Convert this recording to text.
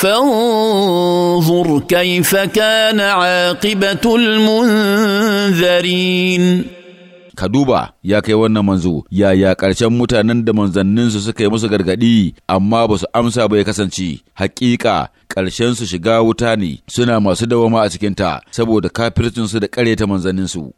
فانظر كيف كان عاقبة المنذرين ka duba ya kai wannan manzo yaya ƙarshen mutanen da manzanninsu suka yi musu gargaɗi amma ba su amsa ba ya kasance Haƙiƙa ƙarshen su shiga wuta ne suna masu dawama a cikinta saboda kafircinsu da ƙareta manzanninsu